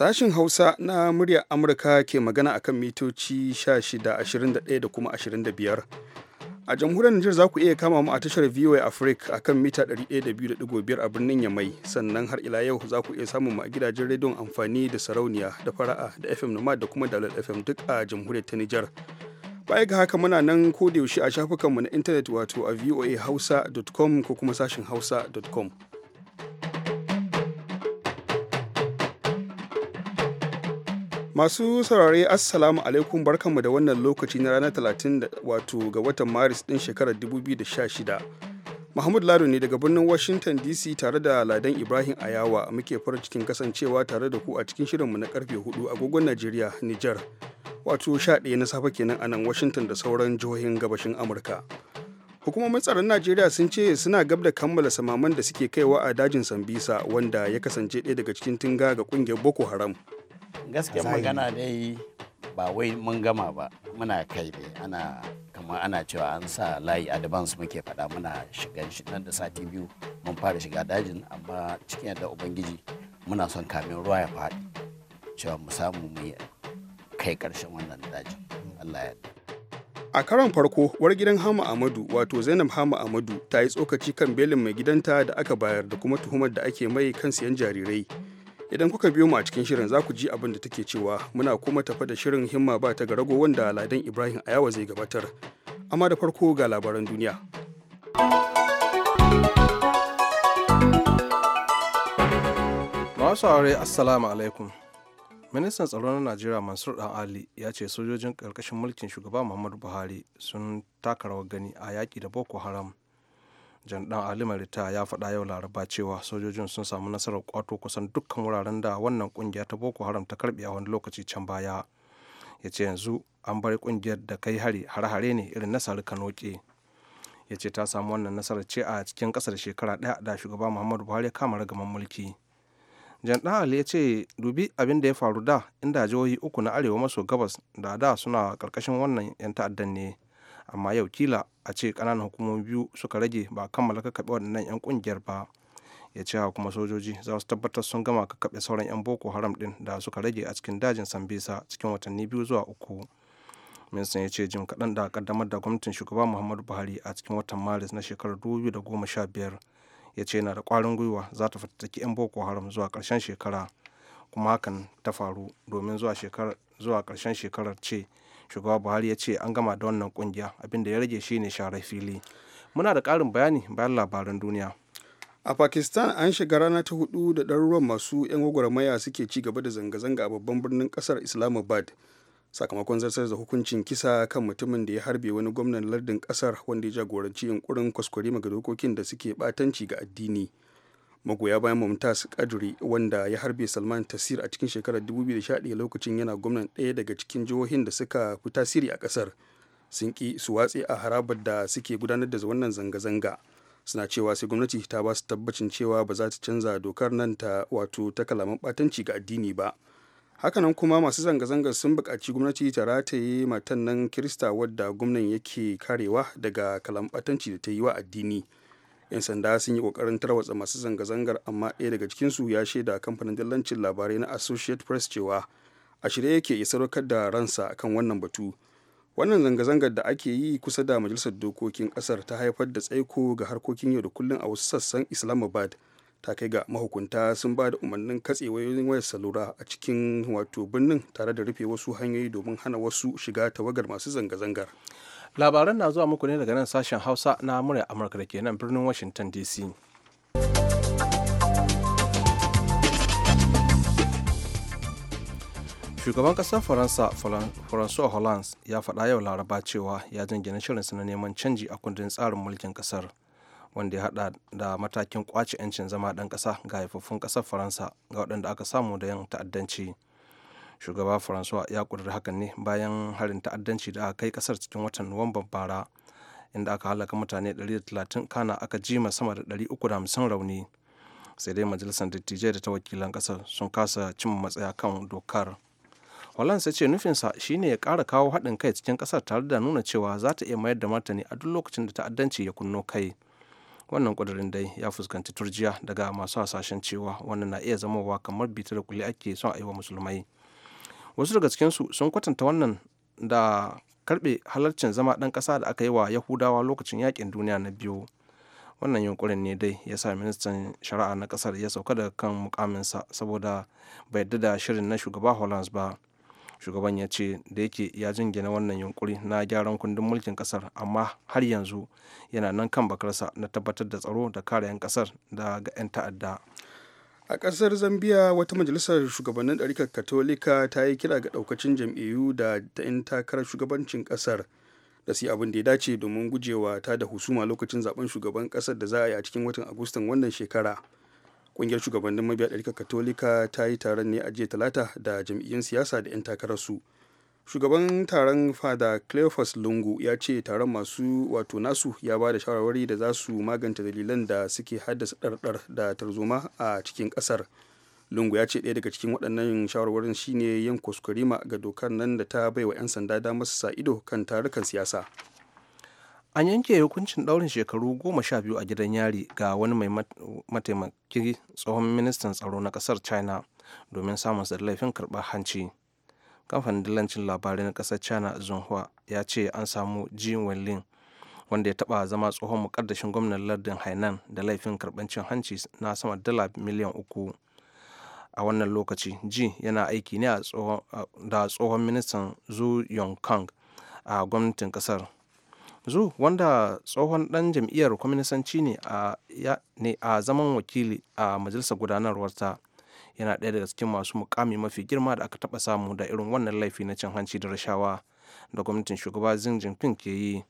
Sashin Hausa na muryar Amurka ke magana akan mitoci 16, da kuma 25. A jamhuriyar Nijar za ku iya kama mu a tashar VOA Africa akan mita 102.5 a birnin Yamai, sannan har ila yau za ku iya samun mu a gidajen rediyon amfani da sarauniya da fara'a da FM Nomad da kuma Dalar FM duk a jamhuriyar ta Nijar. Baya ga haka muna nan ko da yaushe a shafukanmu na intanet wato a voahausa.com ko kuma sashin hausa.com. Masu saurare Assalamu alaikum barkanmu da wannan lokaci na ranar 30 wato ga watan Maris din shekarar 2016. Muhammad Lado ne daga birnin Washington DC tare da Ladan Ibrahim Ayawa muke farin cikin kasancewa tare da ku a cikin shirinmu na karfe 4 agogon Najeriya, Nijar. Wato 11 na safe kenan a nan Washington da sauran jihohin gabashin Amurka. Hukumomin tsaron Najeriya sun ce suna gab da kammala samaman da suke kaiwa a dajin Sambisa wanda ya kasance ɗaya daga cikin tunga ga kungiyar Boko Haram. gaskiya magana dai ba wai mun gama ba muna kai ne ana kamar ana cewa an sa layi a advance muke faɗa muna shigan shi nan da sati biyu mun fara shiga dajin amma cikin yadda ubangiji muna son kamin ruwa ya faɗi cewa mu samu mu kai ƙarshen wannan dajin allah ya a karon farko war gidan hama amadu wato zainab hama amadu ta yi tsokaci kan belin mai gidanta da aka bayar da kuma tuhumar da ake mai kan siyan jarirai idan kuka biyo mu a cikin shirin za ku ji abin da take cewa muna kuma tafa da shirin himma ba ta garago wanda ladan ibrahim ayawa zai gabatar amma da farko ga labaran duniya masu aure assalamu alaikum ministan tsaro na najeriya mansur dan ali ya ce sojojin karkashin mulkin shugaba muhammadu buhari sun taka rawar gani a yaki da boko haram jan dan alimin rita ya faɗa yau laraba cewa sojojin sun samu nasarar kwato kusan dukkan wuraren da wannan kungiya ta boko haram ta karbe a wani lokaci can baya ya ce yanzu an bar kungiyar da kai hari hare-hare ne irin nasarar kanoke ya ce ta samu wannan nasarar ce a cikin kasar shekara ɗaya da shugaba muhammadu buhari ya kama ragaman mulki jan ali ya ce dubi abin da ya faru da inda jihohi uku na arewa maso gabas da da suna karkashin wannan 'yan ta'addan ne amma yau kila a ce kananan hukumomi biyu suka rage ba kammala kakkaɓe waɗannan 'yan ƙungiyar ba ya ce kuma sojoji za su tabbatar sun gama ka kaɓe sauran 'yan boko haram ɗin da suka rage a cikin dajin sambisa cikin watanni biyu zuwa uku ministan ya ce jim kaɗan da kaddamar da gwamnatin shugaba muhammadu buhari a cikin watan maris na shekarar goma 2015 ya ce yana da ƙwarin gwiwa za ta fatattaki 'yan boko haram zuwa ƙarshen shekara kuma hakan ta faru domin zuwa ƙarshen shekarar ce shugaba buhari ya ce an gama da wannan kungiya abin da ya rage shi ne sharar fili muna da karin bayani bayan labaran duniya a pakistan an shiga rana ta hudu da ɗaruruwan masu 'yan gwagwarmaya suke ci gaba da zanga-zanga a babban birnin ƙasar islamabad sakamakon zartar da hukuncin kisa kan mutumin da ya harbe wani gwamnan lardin ƙasar wanda ya jagoranci yunkurin kwaskwari ga dokokin da suke batanci ga addini magoya bayan mumtaz kaduri wanda ya harbe salman tasir a cikin shekarar 2011 lokacin yana gwamnan ɗaya daga cikin jihohin da suka fi tasiri a ƙasar sun ki su watse a harabar da suke gudanar da wannan zanga-zanga suna cewa sai gwamnati ta ba su tabbacin cewa ba za ta canza dokar nan ta wato ta kalaman batanci ga addini ba hakanan kuma masu zanga-zangar sun buƙaci gwamnati ta rataye matan nan kirista wadda gwamnan yake karewa daga kalaman batanci da ta yi wa addini 'yan sanda sun yi kokarin tarwatsa masu zanga-zangar amma ɗaya daga cikinsu ya shaida kamfanin dillancin labarai na associate press cewa a shirye yake ya sadaukar da ransa kan wannan batu wannan zanga-zangar da ake yi kusa da majalisar dokokin kasar ta haifar da tsaiko ga harkokin yau da kullum a wasu sassan islamabad ta kai ga mahukunta sun ba da umarnin katse wayoyin wayar salura a cikin wato birnin tare da rufe wasu hanyoyi domin hana wasu shiga tawagar masu zanga-zangar labaran na zuwa muku ne daga nan sashen hausa na murya amurka da ke nan birnin washington dc shugaban kasar faransa francois hollande ya faɗa yau laraba cewa ya jingina shirinsa na neman canji a kundin tsarin mulkin kasar wanda ya hada da matakin kwace 'yancin zama ɗan ƙasa ga haifaffun ƙasar faransa ga waɗanda aka samu da yan ta'addanci shugaba faransuwa ya ƙudiri hakan ne bayan harin ta'addanci da aka kai kasar cikin watan nuwamban bara inda aka halaka mutane 130 kana aka jima sama da 350 rauni sai dai majalisar dattijai da ta wakilan ƙasar sun kasa cin matsaya kan dokar Holland sai ce nufinsa shine ya ƙara kawo haɗin kai cikin ƙasar tare da nuna cewa za ta iya mayar da martani a duk lokacin da ta'addanci ya kunno kai. Wannan ƙudurin dai ya fuskanci turjiya daga masu hasashen cewa wannan na iya zamowa kamar bitar kuli ake son a yi wa musulmai. wasu daga cikinsu sun kwatanta wannan da karbe halarcin zama ɗan ƙasa da aka yi wa yahudawa lokacin yakin duniya na biyu wannan yunkurin ne dai ya sa ministan shari'a na ƙasar ya sauka daga kan mukaminsa saboda bai yarda da shirin na shugaba hollands ba shugaban ya ce da yake ya jingina wannan yunkuri na gyaran kundin mulkin kasar amma har yanzu yana nan kan bakarsa na tabbatar da tsaro da kare 'yan kasar ga 'yan ta'adda a ƙasar zambia wata majalisar shugabannin ɗarikar katolika ta yi kira ga ɗaukacin jam'iyyu da ta 'yan takarar shugabancin ƙasar da su abin da ya dace domin gujewa ta da husuma lokacin zaben shugaban ƙasar da za a yi a cikin watan agustan wannan shekara ƙungiyar shugabannin mabiya ɗarikar katolika ta yi taron ne a jiya talata da jam'iyyun siyasa da 'yan takararsu shugaban taron fada cleophas lungu ya ce taron masu wato nasu ya ba da shawarwari da za su magance dalilan da suke haddasa ɗarɗar da tarzoma a cikin ƙasar lungu ya ce ɗaya daga cikin waɗannan shawarwarin shine yin kuskurima ga dokar nan da ta baiwa 'yan sanda damar sa ido kan tarukan siyasa an yanke hukuncin ɗaurin shekaru goma sha biyu a gidan yari ga wani mai mataimaki tsohon ministan tsaro na ƙasar china domin samun laifin karɓar hanci kamfanin dillancin labarai na kasar china xinhua ya ce an samu jin wenlin wanda ya taba zama tsohon mukaddashin gwamnan lardin hainan da laifin karɓar cin hanci na sama dala miliyan uku a wannan lokaci ji yana aiki ne da tsohon ministan zu yong kong a gwamnatin kasar zu wanda tsohon dan jam'iyyar kwaminisanci ne a zaman wakili a majalisar gudanarwar ta yana ɗaya daga cikin masu mukami mafi girma da aka taɓa samu da irin wannan laifi na cin hanci da rashawa da gwamnatin shugaba Xi Jinping ke yi.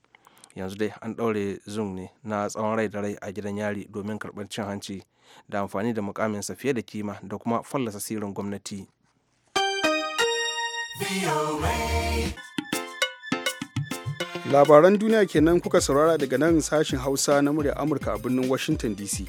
Yanzu dai an ɗaure Zung ne na tsawon rai da rai a gidan yari domin karɓar cin hanci da amfani da mukaminsa fiye da kima da kuma fallasa sirrin gwamnati. Labaran duniya kenan kuka saurara daga nan sashin Hausa na murya Amurka a birnin Washington DC.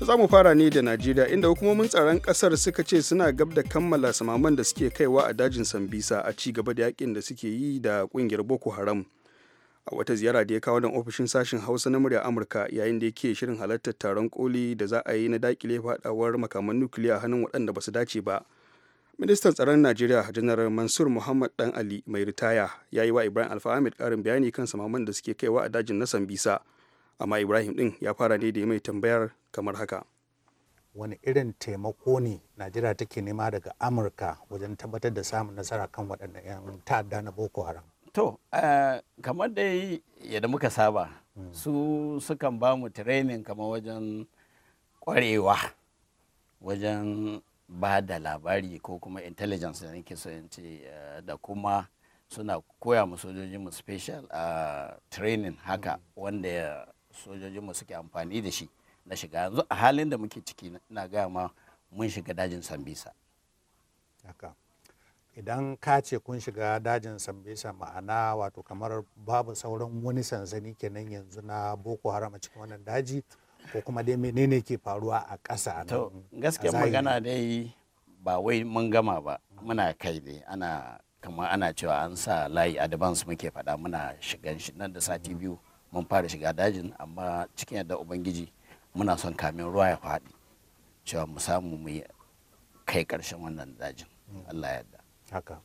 za mu fara ne da Najeriya inda hukumomin tsaron kasar suka ce suna gab da kammala samaman da suke kaiwa a dajin Sambisa a ci gaba da yakin da suke yi da kungiyar Boko Haram. A wata ziyara da ya kawo nan ofishin sashen Hausa na murya Amurka yayin da yake shirin halartar taron koli da za a yi na dakile fadawar makaman nukiliya hannun waɗanda ba su dace ba. Ministan tsaron Najeriya Janar Mansur Muhammad Dan Ali mai ritaya ya yi wa Ibrahim Alfa Ahmed ƙarin bayani kan samaman da suke kaiwa a dajin na Sambisa. amma ibrahim din ya fara ne da ya mai tambayar kamar haka wani irin taimako ne najeriya take nema daga amurka wajen tabbatar da samun nasara kan waɗannan 'yan ta'adda na boko haram to eh, kamar da yadda muka saba hmm. su sukan ba mu training kamar wajen kwarewa wajen ba da labari ko kuma intelligence da nake so ce eh, da kuma suna koya mu special a ah, training haka hmm. wanda sojojin mu suke amfani da shi na shiga yanzu a halin da muke ciki na gaya ma mun shiga dajin sambisa idan ka ce kun shiga dajin sambisa ma'ana wato kamar babu sauran wani sansani kenan yanzu na boko haram a cikin wannan daji ko kuma dai menene ke faruwa a ƙasa to gaskiya magana dai ba wai mun gama ba muna kai dai ana kamar ana cewa an sa layi advance muke faɗa muna shigan shi nan da sati biyu mun fara shiga dajin amma cikin yadda ubangiji muna son kamin ruwa ya faɗi cewa mu samu mu kai ƙarshen wannan dajin hmm. allah yadda haka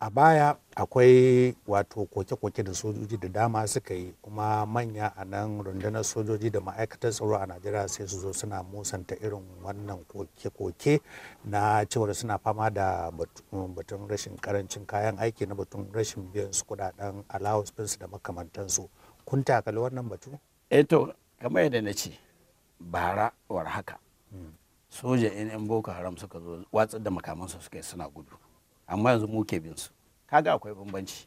a baya akwai wato koke-koke da sojoji da dama suka yi kuma manya a nan rundunar sojoji da ma'aikatar tsaro a najeriya sai su zo suna musanta irin wannan koke-koke na cewar suna fama da batun rashin karancin kayan aiki na batun rashin biyan su kudaden allowance su da makamantansu kun takali wannan batu? eto eh kamar yadda na ce bara war haka hmm. soja in boko haram suka zo watsar da makamansu suka yi suna gudu amma yanzu mu ke bin su kaga akwai bambanci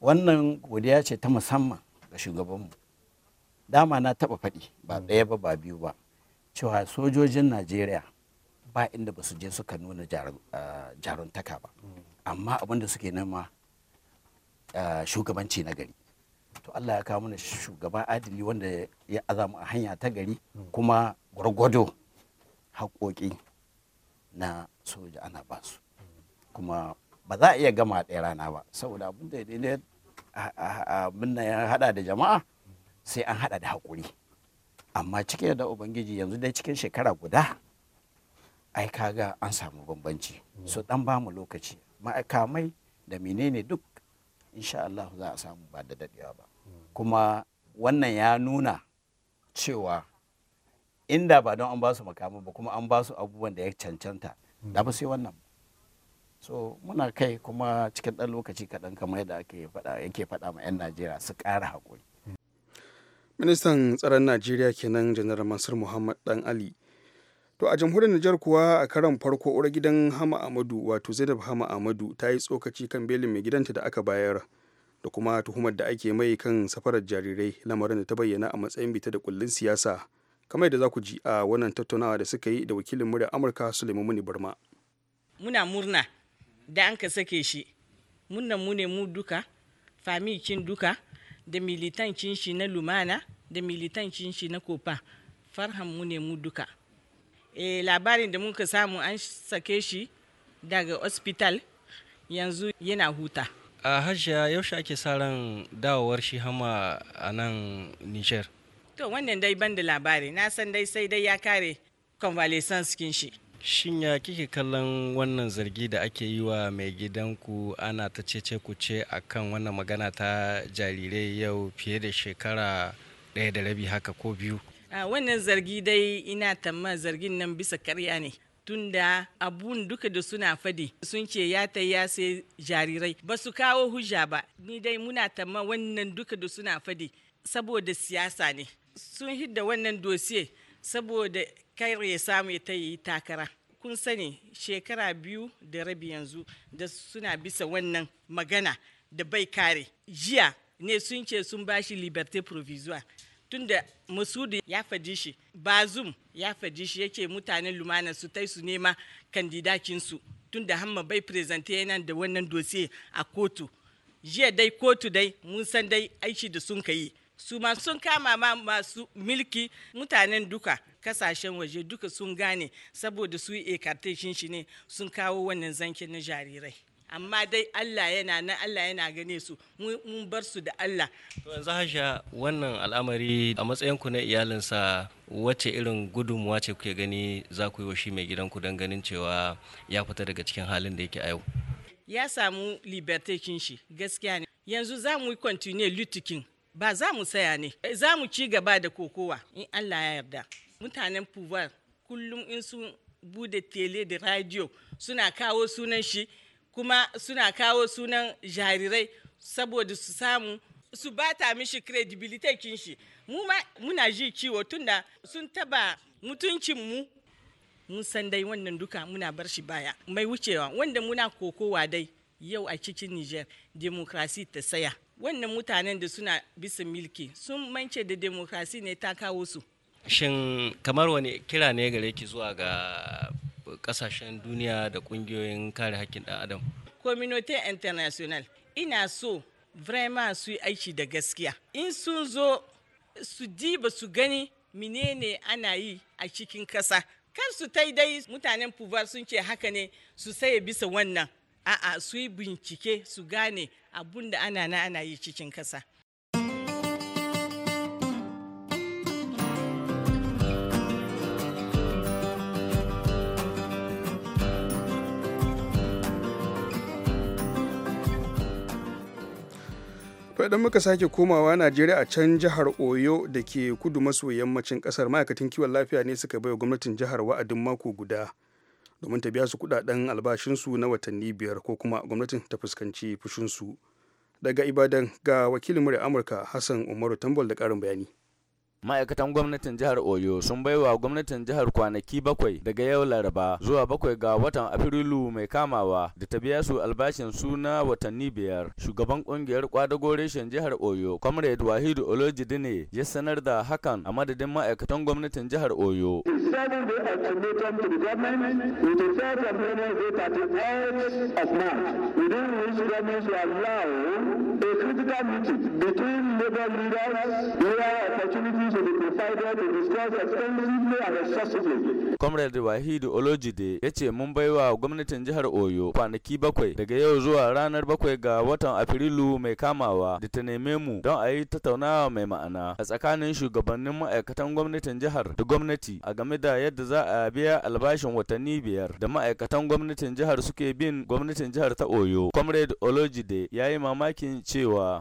wannan godiya ce ta musamman ga shugabanmu dama na taba faɗi ba hmm. ɗaya ba ba biyu ba cewa sojojin najeriya ba inda ba su je suka nuna jaruntaka ba hmm. amma abin da suke nema shugabanci na gari to allah ya kawo mana shugaban adili wanda ya azamu a hanya ta gari hmm. kuma gwargwado haƙoƙi na soja ana basu kuma ba za a iya gama ɗaya rana ba saboda abin da ne abin ya haɗa da jama'a sai an haɗa da haƙuri amma cikin da ubangiji yanzu dai cikin shekara guda ai kaga an samu bambanci so dan ba mu lokaci ma'akamai da menene duk insha Allah za a samu ba da dadewa ba kuma wannan ya nuna cewa inda ba don an ba su makamu ba kuma an ba su abubuwan da ya cancanta da ba sai wannan so muna kai kuma cikin ɗan lokaci kaɗan kamar yadda yake faɗa ma 'yan najeriya su ƙara hakuri. ministan tsaron najeriya kenan janar mansur muhammad dan ali to a jamhuriyar nijar kuwa a karan farko ura gidan hama amadu wato zainab hama amadu ta yi tsokaci kan belin mai gidanta da aka bayar da kuma tuhumar da ake mai kan safarar jarirai lamarin da ta bayyana a matsayin bita da kullun siyasa kamar yadda za ku ji a wannan tattaunawa da suka yi da wakilin murya amurka suleiman muni barma muna murna da an ka sake shi munan mu ne mu duka famikin duka da militancin shi na lumana da militancin shi na kofa farhan mu ne mu duka e, labarin da muka samu an sake shi daga hospital yanzu yana huta a hajjia yaushe ake sa ran dawowar shi hama a nan niger to wannan dai ban da labari na san dai sai dai ya kare convalescence kin shi Shin ya kike kallon wannan zargi da ake yi wa mai gidanku ana ta cece ku ce a kan wannan magana ta jarirai yau fiye da shekara ɗaya da rabi haka ko biyu? wannan zargi dai ina tamma zargin nan bisa karya ne. Tunda abun duka da suna fadi sun ce ya ta ya sai jarirai ba su kawo hujja ba ni dai muna tamma wannan duka da suna fadi saboda siyasa ne sun hidda wannan dosiye saboda kar ya samu ya ta yi takara kun sani shekara biyu da rabi yanzu da suna bisa wannan magana da bai kare jiya ne sun ce sun bashi liberté provisoire tunda masudu ya faji shi bazum ya faji shi yake mutanen lumana su tai su nema kandidakinsu tunda hamma bai presente yana da wannan dosiye a kotu jiya dai kotu dai mun san dai aiki da sun ka yi su sun kama ma masu milki mutanen duka kasashen waje duka sun gane saboda su ekartashin shi ne sun kawo wannan zankin na jarirai amma dai Allah yana nan Allah yana gane su mun bar su da Allah to yanzu hasha wannan al'amari a matsayin na iyalinsa wacce irin gudunmuwa ce kuke gani za ku yi wa shi mai gidanku don ganin cewa ya fita daga cikin halin da yake a yau ya samu liberty shi gaskiya ne yanzu za mu yi continue lutikin ba za mu saya ne eh, za mu ci gaba da kokowa in allah ya yarda mutanen puvar kullum in sun bude tele da radio suna kawo sunan shi kuma suna kawo sunan jarirai saboda su samu su bata mishi credibility shi mu ma muna ji ciwo tunda sun taba mutuncin mu mun san dai wannan duka muna bar shi baya mai wucewa wanda muna kokowa dai yau a cikin Niger demokrasi ta saya wannan mutanen da suna bisa milki sun mance da demokrasi ne ta kawo su shin kamar wani kira ne gare ki zuwa ga kasashen duniya da kungiyoyin kare hakkin ɗan adam community international ina so vrema su yi aiki da gaskiya in sun zo su diba su gani menene ana yi a cikin kasa kar su taidai mutanen puvar sun ce haka ne su saye bisa wannan a'a su yi bincike su gane abun da ana na ana yi cikin kasa idan muka sake komawa najeriya a can jihar oyo da ke kudu maso yammacin ƙasar, ma'aikatan kiwon lafiya ne suka baiwa gwamnatin jihar wa'adin mako guda domin ta biya su kudaden albashinsu na watanni biyar ko kuma gwamnatin ta fuskanci fushinsu daga ibadan ga wakilin murya amurka hassan umaru tambol da karin bayani ma'aikatan gwamnatin jihar oyo sun baiwa gwamnatin jihar kwanaki bakwai daga yau laraba zuwa bakwai ga watan afrilu mai kamawa da ta biya su albashin suna watanni biyar shugaban kungiyar kwadago reshen jihar oyo comrade wahidu olojidine ya sanar da hakan a madadin ma'aikatan gwamnatin jihar oyo A critical meeting between labor leaders, where opportunity usually provided in ya ce mun baiwa gwamnatin jihar Oyo kwanaki bakwai daga yau zuwa ranar bakwai ga watan Afrilu mai kamawa da ta neme mu don a yi tattaunawa mai ma'ana a tsakanin shugabannin ma'aikatan gwamnatin jihar da gwamnati a game da yadda za a biya albashin watanni biyar da ma'aikatan gwamnatin jihar suke bin gwamnatin jihar ta Oyo. Comrade Olojide ya yi mamakin cewa.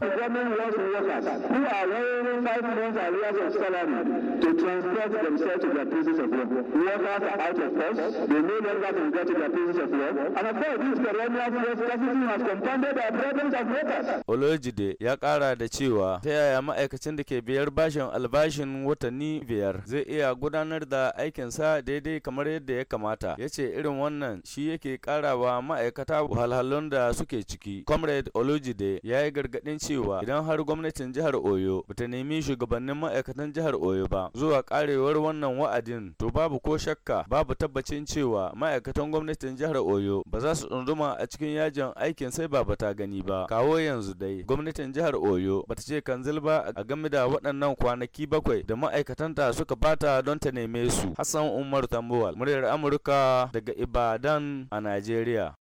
salary to transport themselves to their places of work. Workers are out of force, they no longer can get to their places of work. And of course, this perennial force scarcity has compounded our problems as workers. Olojide ya kara da cewa ta yaya ma'aikacin da ke biyar bashin albashin watanni biyar zai iya gudanar da aikinsa daidai kamar yadda ya kamata. Ya ce irin wannan shi yake kara wa ma'aikata wahalhalun da suke ciki. Comrade Olojide ya yi gargadin cewa idan har gwamnatin jihar Oyo ba ta nemi shugabannin ma'aikatan matasan jihar Oyo ba zuwa karewar wannan wa'adin to babu ko shakka babu tabbacin cewa ma'aikatan gwamnatin jihar Oyo ba za su tsunduma a cikin yajin aikin sai ba bata gani ba kawo yanzu dai gwamnatin jihar Oyo bata ce kanzil ba a game da waɗannan kwanaki bakwai da ma'aikatanta suka bata don ta neme su Hassan Umar Tambuwal muryar Amurka daga Ibadan a Najeriya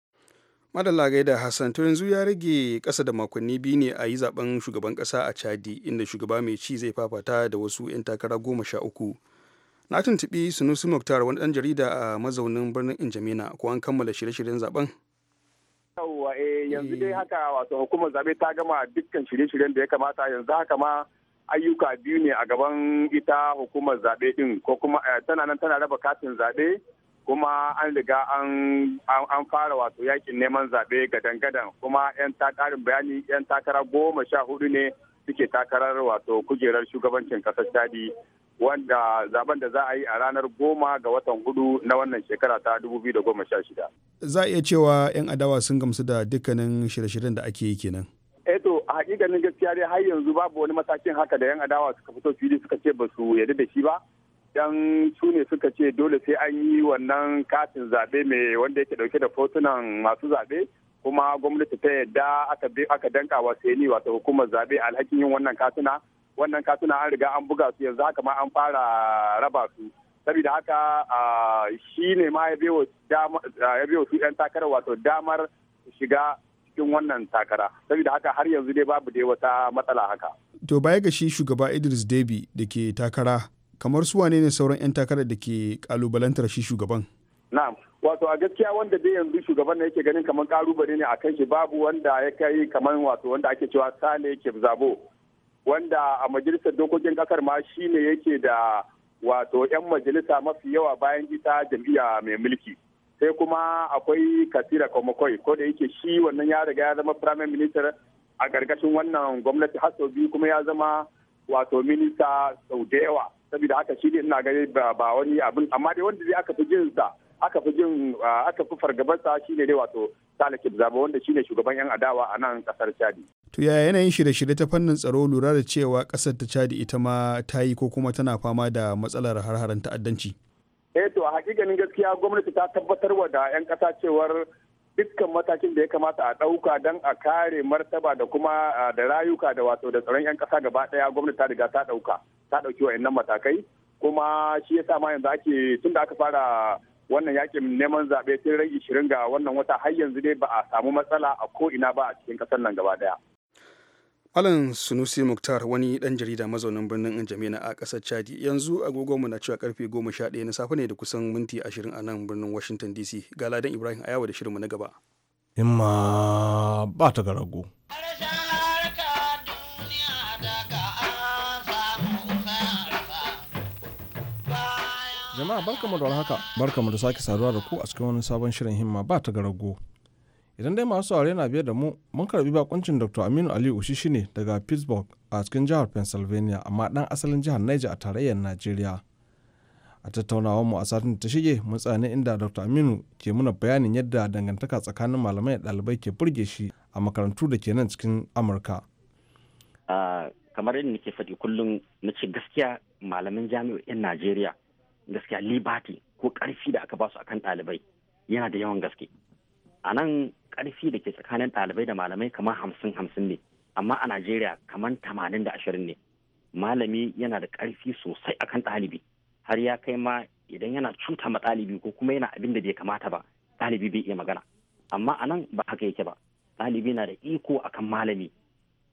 madalla gaida hassan to yanzu ya rage kasa da makonni biyu ne a yi zaben shugaban kasa a chadi inda shugaba mai ci zai fafata da wasu 'yan takara goma sha uku na tuntubi sunusi muktar wani dan jarida a mazaunin birnin injamina ko an kammala shirye-shiryen zaben yawwa eh, eh. yanzu dai haka wato hukumar zabe ta gama dukkan shirye-shiryen da ya kamata yanzu haka ma ayyuka biyu ne a gaban ita hukumar zabe din ko kuma eh, tana nan tana raba katin zabe kuma an riga an fara wato yakin neman zaɓe gadan-gadan kuma 'yan takarar bayani 'yan takara goma sha hudu ne suke takarar wato kujerar shugabancin ƙasar shadi wanda zaben da za a yi a ranar goma ga watan hudu na wannan shekara ta 2016. Za a iya cewa 'yan adawa sun gamsu da dukkanin shirye-shiryen da ake yi kenan. Eto eh a hakikanin gaskiya dai har yanzu babu wani matakin haka da 'yan adawa suka fito fili suka ce ba su yarda da shi ba. idan su ne suka ce dole sai an yi wannan katin zabe mai wanda yake ɗauke da fotunan masu zaɓe kuma gwamnati ta yadda aka danka wa seni wato hukumar zaɓe alhakin yin wannan katuna wannan katuna an riga an buga su yanzu haka ma an fara raba su saboda haka shi ne ma ya biyo su 'yan takarar wato damar shiga cikin wannan takara saboda haka har yanzu dai babu dai wata matsala haka. To baya ga shi shugaba Idris debi da ke takara kamar su wane ne sauran 'yan takarar da ke kalubalantar shi shugaban na'am wato a gaskiya wanda dai yanzu shugaban da yake ganin kamar kalubale ne a kan shi babu wanda ya kai kamar wato wanda ake cewa sale zabo wanda a majalisar dokokin kasar ma shine yake da wato 'yan majalisa mafi yawa bayan ita jam'iyya mai mulki sai kuma akwai kasira komakoi ko da yake shi wannan ya riga ya zama prime minister a gargashin wannan gwamnati har biyu kuma ya zama wato minista sau da yawa saboda haka shi ne ina gani ba wani abin amma dai wanda zai aka fi jin sa aka fi jin aka fi fargaban sa shine dai wato Sale zaba wanda shine shugaban yan adawa a nan kasar Chadi to ya yanayin shirye-shirye ta fannin tsaro lura da cewa kasar ta Chadi ita ma ta yi ko kuma tana fama da matsalar harharan ta'addanci eh to a hakikanin gaskiya gwamnati ta tabbatar wa da yan kasa cewar dukkan matakin da ya kamata a ɗauka don a kare martaba da kuma da rayuka da wato da tsaron 'yan ƙasa gaba ɗaya gwamnati ta riga ta ɗauka ta ɗauki wa matakai kuma shi yasa ma yanzu ake tun da aka fara wannan yakin neman zaɓe tun rai 20 ga wannan wata har yanzu dai ba a samu matsala a ko ina ba a cikin ƙasar nan gaba ɗaya. Alan Sunusi Muktar wani ɗan jarida mazaunin birnin Injamena a ƙasar Chadi yanzu agogonmu na cewa karfe 11 na safe ne da kusan minti 20 a nan birnin Washington DC. Ga Ladan Ibrahim ayawa da shirinmu na gaba. Imma ba ta ga rago. Jama'a barkamu da warhaka, barkamu da sake saduwa da ku a cikin wani sabon shirin himma ba ta ga rago. idan dai masu saurari na biyar da mu mun karbi bakuncin dr aminu aliyu ushishi ne daga pittsburgh a cikin jihar pennsylvania amma dan asalin jihar niger a tarayyar najeriya a tattaunawar mu a satin ta shige mun tsani inda dr aminu ke muna bayanin yadda dangantaka tsakanin malamai da ɗalibai ke burge shi a makarantu da ke nan cikin amurka kamar yadda nake faɗi kullum na ce gaskiya malamin jami'o'in najeriya gaskiya libati ko ƙarfi da aka basu akan ɗalibai yana da yawan gaske a nan karfi da ke tsakanin ɗalibai da malamai kamar hamsin hamsin ne amma a najeriya kamar tamanin da ashirin ne malami yana da karfi sosai akan ɗalibi har ya kai ma idan yana cuta ma ɗalibi ko kuma yana abin da bai kamata ba ɗalibi bai iya magana amma a nan ba haka yake ba ɗalibi na da iko akan malami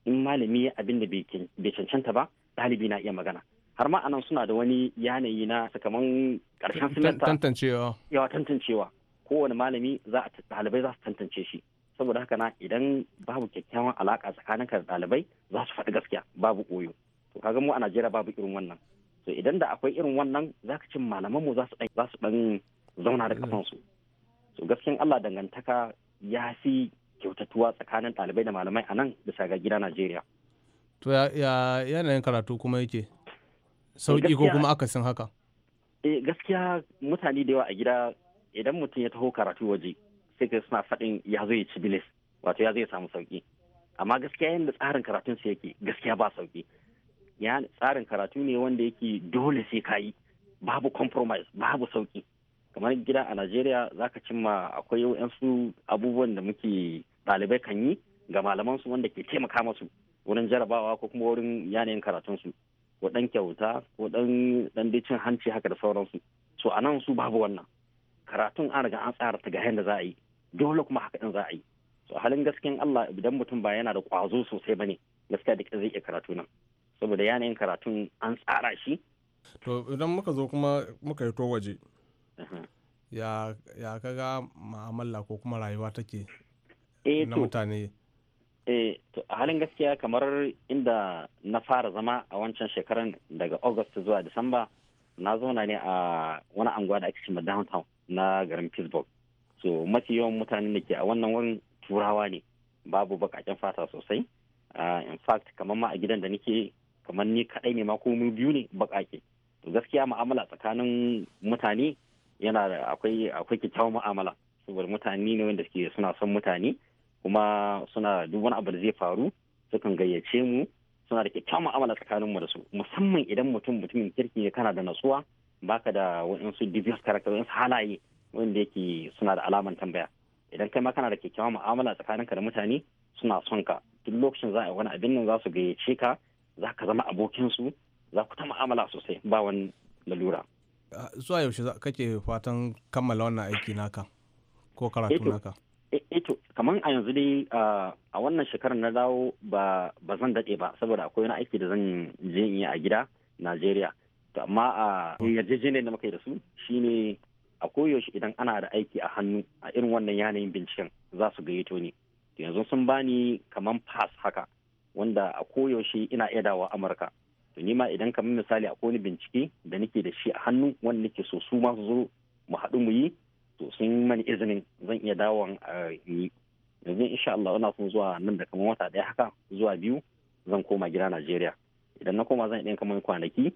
in malami ya abin da bai cancanta ba ɗalibi na iya magana har ma anan suna da wani yanayi na sakamakon karshen yawa tantancewa kowane malami za a ɗalibai za su tantance shi saboda haka na idan babu kyakkyawan alaka ka da ɗalibai za su faɗi gaskiya babu koyo to kaga mu a Najeriya babu irin wannan to idan da akwai irin wannan zaka ci malaman mu za su za su dan zauna da kafansu to gaskiyan Allah dangantaka ya fi kyautatuwa tsakanin ɗalibai da malamai a nan bisa ga gida Najeriya to ya yanayin karatu kuma yake sauki ko kuma akasin haka eh gaskiya mutane da yawa a gida idan mutum ya taho karatu waje sai ka suna faɗin ya zo ya ci bilis wato ya zo ya samu sauki amma gaskiya yadda tsarin karatun su yake gaskiya ba sauki ya tsarin karatu ne wanda yake dole sai ka yi babu compromise babu sauki kamar gida a Najeriya zaka cimma akwai yansu abubuwan da muke ɗalibai kan yi ga malaman su wanda ke taimaka masu wurin jarabawa ko kuma wurin yanayin karatun su ko dan kyauta ko dan dan cin hanci haka da sauransu so anan su babu wannan karatun an riga an tsara ta ga yadda za a yi dole kuma haka in za a yi so halin gaskiyan Allah idan mutum ba yana da kwazo sosai bane gaskiya da zai iya karatu nan saboda yanayin karatun an tsara shi to idan muka zo kuma muka yi to waje ya ya kaga ma'amala ko kuma rayuwa take eh, na mutane eh to halin gaskiya kamar inda na fara zama a wancan shekaran daga August zuwa Disamba na zauna ne a wani anguwa da ake cewa downtown na garin pittsburgh so mafi yawan mutanen da ke a wannan wurin turawa ne babu bakaken fata sosai ah, in fact kamar ma a gidan da nake kamar ni kaɗai ne ma ko mu biyu ne bakake to gaskiya mu'amala tsakanin mutane yana da akwai akwai kyakkyawan mu'amala saboda mutane ne wanda suke suna son mutane kuma suna duk wani abu da zai faru sukan gayyace mu suna da kyakkyawan mu'amala tsakanin mu da su musamman idan mutum mutumin kirki ne kana da natsuwa baka da waɗansu devious karakter waɗansu halaye wanda yake suna da alaman tambaya idan kai ma kana da kyakkyawan mu'amala tsakanin ka da mutane suna son ka duk lokacin za a yi wani abin nan za su gayyace ka za ka zama abokinsu za ku ta mu'amala sosai ba wani lalura. Ah, zuwa yaushe kake fatan kammala wannan aiki naka ko karatu naka? E, eto kamar a yanzu dai ah, a wannan shekarar na dawo ba zan daɗe ba saboda akwai wani aiki da zan je in yi a gida najeriya to amma a yarjejeniyar da muka yi da su shine a koyaushe idan ana da aiki a hannu a irin wannan yanayin binciken za su gayyato ni yanzu sun bani kaman pass haka wanda a koyaushe ina iya dawa amurka to ni ma idan kamar misali a wani bincike da nake da shi a hannu wanda nake so su ma su zo mu haɗu mu yi to sun mani izinin zan iya dawo a yi yanzu insha Allah ina son zuwa nan da kamar wata ɗaya haka zuwa biyu zan koma gida Najeriya idan na koma zan ɗan kamar kwanaki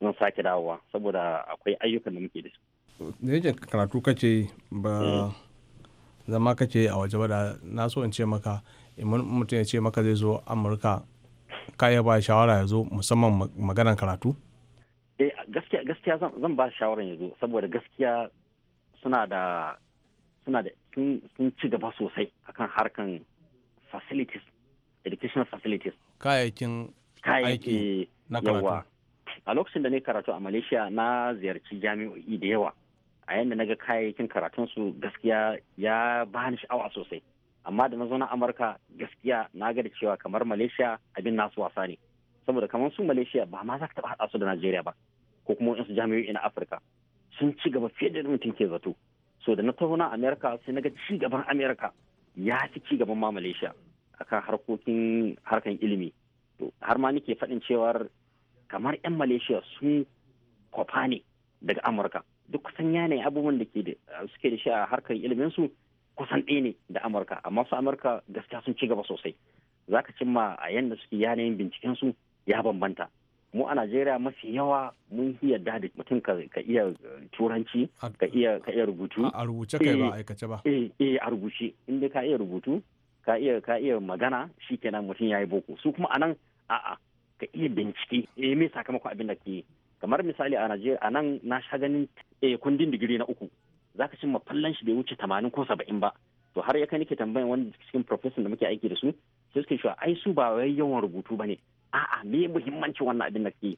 mun sake dawowa saboda akwai ayyukan da muke da su. da yake karatu kace ba zama kace a waje ba da na so in ce maka in mutum ya ce maka zai zo amurka ka ya ba shawara ya zo musamman maganan karatu? eh gaskiya zan ba shawaran ya zo saboda gaskiya suna da suna da sun ci gaba sosai akan harkan facilities educational facilities kayayyakin aiki na karatu a lokacin da ne karatu a malaysia na ziyarci jami'o'i da yawa a yadda na ga kayayyakin karatun su gaskiya ya bani sha'awa sosai amma da na zo na amurka gaskiya na ga da cewa kamar malaysia abin nasu wasa ne saboda kamar su malaysia ba ma za ka taɓa haɗa su da najeriya ba ko kuma wasu jami'o'i na afirka sun ci gaba fiye da mutum ke zato so da na taho na Amurka sai na ga ci gaban Amurka ya fi ci gaban ma malaysia akan harkokin harkan ilimi har ma nake faɗin cewar kamar 'yan malaysia sun kwafa ne daga amurka duk kusan yanayin abubuwan da uh, suke da shi a harkar ilimin su kusan ɗaya ne da amurka amma su amurka gaskiya sun ci gaba sosai za ka cimma a yadda suke yanayin binciken su ya bambanta mu a najeriya mafi yawa mun fi yarda da mutum ka iya uh, turanci ka iya ka iya rubutu a rubuce kai ba eh, aikace ba eh eh a rubuce inda ka iya rubutu ka iya ka iya magana shikenan mutum yayi boko su kuma anan a'a ka iya bincike eh me sakamakon abin da ke kamar misali a Najeriya a nan na sha ganin eh kundin digiri na uku zaka cin fallan shi bai wuce tamanin ko saba'in ba to har ya kai nake tambayan wani cikin profession da muke aiki da su sai suke cewa ai su ba wai yawan rubutu bane a'a me muhimmanci wannan abin da ke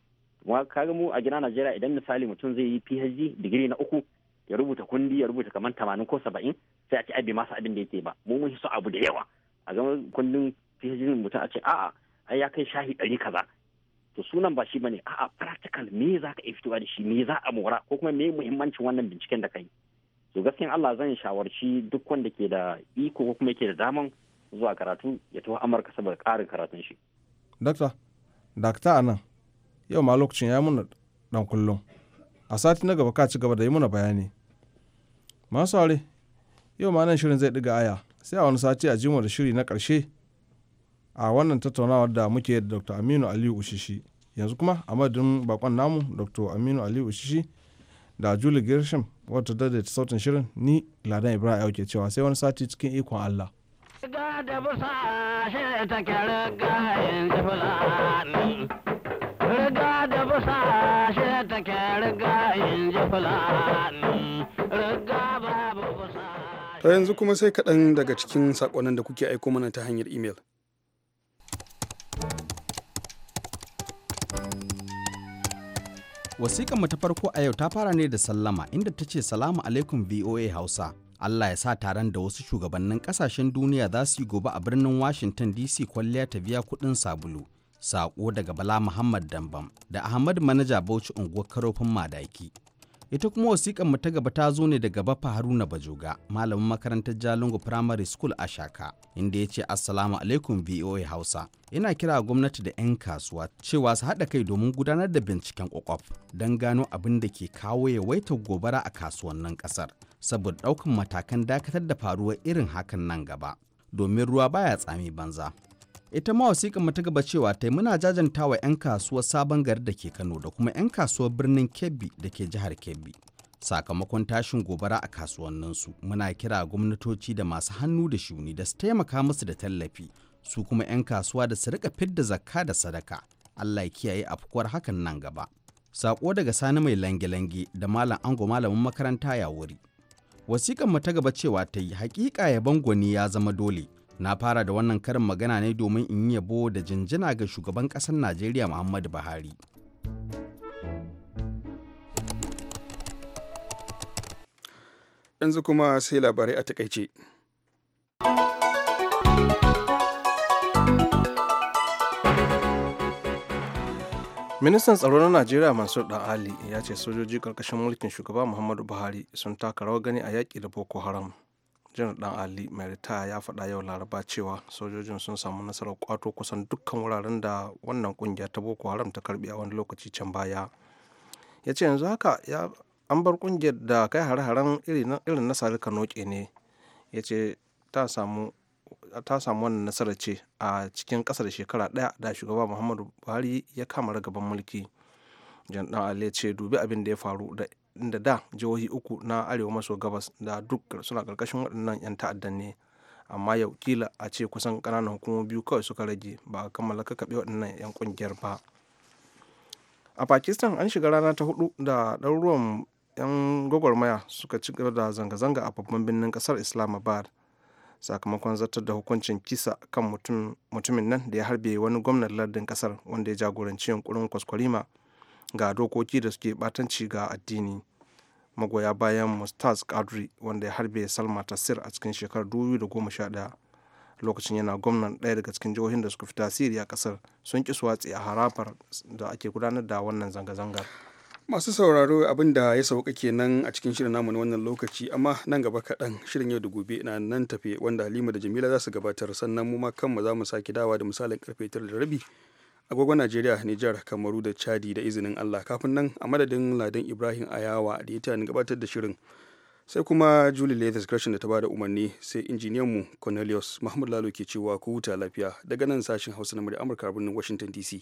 kaga mu a gina Najeriya idan misali mutum zai yi PhD digiri na uku ya rubuta kundi ya rubuta kamar tamanin ko saba'in sai a ce ai bai masa abin da yake ba mu mun so abu da yawa a ga kundin PhD mutum a ce a'a ai ya kai shahi ɗari kaza to sunan ba shi bane a'a practical me za ka iya fitowa da shi me za a mora ko kuma me muhimmancin wannan binciken da kai to gaskiyan Allah zan shawarci duk wanda ke da iko ko kuma yake da daman zuwa karatu ya tafi Amurka saboda ƙarin karatun shi dakta dakta anan yau ma lokacin ya muna dan kullum a sati na gaba ka ci gaba da yi muna bayani masu yau ma nan shirin zai ɗiga aya sai a wani sati a jimo da shiri na ƙarshe a wannan tattaunawar da muke da dr aminu aliyu ushishi yanzu kuma a madadin bakon namu dr aminu aliyu ushishi da julie gershom wata daidaita sautin shirin ni ladan ibrahim yau ke cewa sai wani sati cikin ikon allah Riga da yanzu kuma sai kaɗan daga cikin saƙonnin da kuke aiko mana ta hanyar imel. mu ta farko a yau ta fara ne da sallama inda ta ce salamu alaikum VOA Hausa. Allah ya sa taron da wasu shugabannin kasashen duniya za su yi gobe a birnin Washington DC kwalliya ta biya kuɗin sabulu. Saƙo daga Bala Muhammad Dambam da Ahmad Manaja Bauchi unguwar Karofin Madaki. ita kuma wasiƙan mu ta gaba ta zo ne daga bafa haruna bajoga malamin makarantar jalingo primary school a shaka inda ya ce assalamu alaikum voa hausa ina kira gwamnati da 'yan kasuwa cewa su haɗa kai domin gudanar da binciken kwakwaf don gano abin da ke kawo yawaita gobara a kasuwannin ƙasar saboda ɗaukan matakan dakatar da faruwar irin hakan nan gaba domin ruwa baya tsami banza ita ma wasiƙa mu gaba cewa ta yi muna jajanta wa 'yan kasuwar sabon gari da ke kano da kuma 'yan kasuwar birnin kebbi da ke jihar kebbi sakamakon tashin gobara a kasuwanninsu muna kira gwamnatoci da masu hannu da shuni da su taimaka musu da tallafi su kuma 'yan kasuwa da su rika fidda zakka da sadaka allah ya kiyaye afkuwar hakan nan gaba sako daga sani mai lange-lange da malam ango malamin makaranta ya wuri wasiƙar mu gaba cewa ta yi hakika ya gwani ya zama dole na fara da wannan karin magana ne domin in yi yabo da jinjina ga shugaban ƙasar najeriya muhammadu buhari yanzu kuma sai labarai a takaice ministan tsaro na najeriya mansur dan ali ya ce sojoji ƙarƙashin mulkin shugaba muhammadu buhari sun taka rawar gani a yaƙi da boko haram janar dan ali mai ritaya ya faɗa yau laraba cewa sojojin sun samu nasarar kwato kusan dukkan wuraren da wannan kungiya ta boko haram ta karbi a wani lokaci can baya ya ce yanzu haka an bar kungiyar da kai hare-haren irin na sari kanoke ne ya ce ta samu wannan nasarar ce a cikin ƙasa shekara ɗaya da shugaba muhammadu buhari ya kama ragaban mulki jan ɗan ali ya ce dubi abin da ya faru da da da jihohi uku na arewa maso gabas da duk suna karkashin waɗannan 'yan ta'addan ne amma yau kila a ce kusan ƙananan hukumomi biyu kawai suka rage ba a kammala kakaɓe waɗannan 'yan ƙungiyar ba a pakistan an shiga rana ta hudu da ɗaruruwan 'yan gwagwarmaya suka ci gaba da zanga-zanga a babban birnin ƙasar islamabad sakamakon zartar da hukuncin kisa kan mutumin nan da ya harbe wani gwamnan lardin kasar wanda ya jagoranci yunkurin kwaskwarima ga dokoki da suke batanci ga addini magoya bayan mustaz kadri wanda ya harbe salma tasir a cikin shekarar 2011 lokacin yana gwamnan ɗaya daga cikin jihohin da suka fi tasiri a kasar sun ki watsi a harafar da ake gudanar da wannan zanga-zangar masu sauraro abin da ya sauka kenan a cikin shirin namu na wannan lokaci amma nan gaba kaɗan shirin yau da gobe na nan tafe wanda halima da jamila za su gabatar sannan mu ma kanmu za mu sake dawa da misalin karfe tara da rabi agogon najeriya nijar kamaru da chadi da izinin allah kafin nan a madadin ladan ibrahim ayawa da ya tani gabatar da shirin sai kuma julie leathers gresham da ta bada umarni sai injiniyan mu cornelius mahmud lalo ke cewa ku huta lafiya daga nan sashen hausa na murya amurka birnin washington dc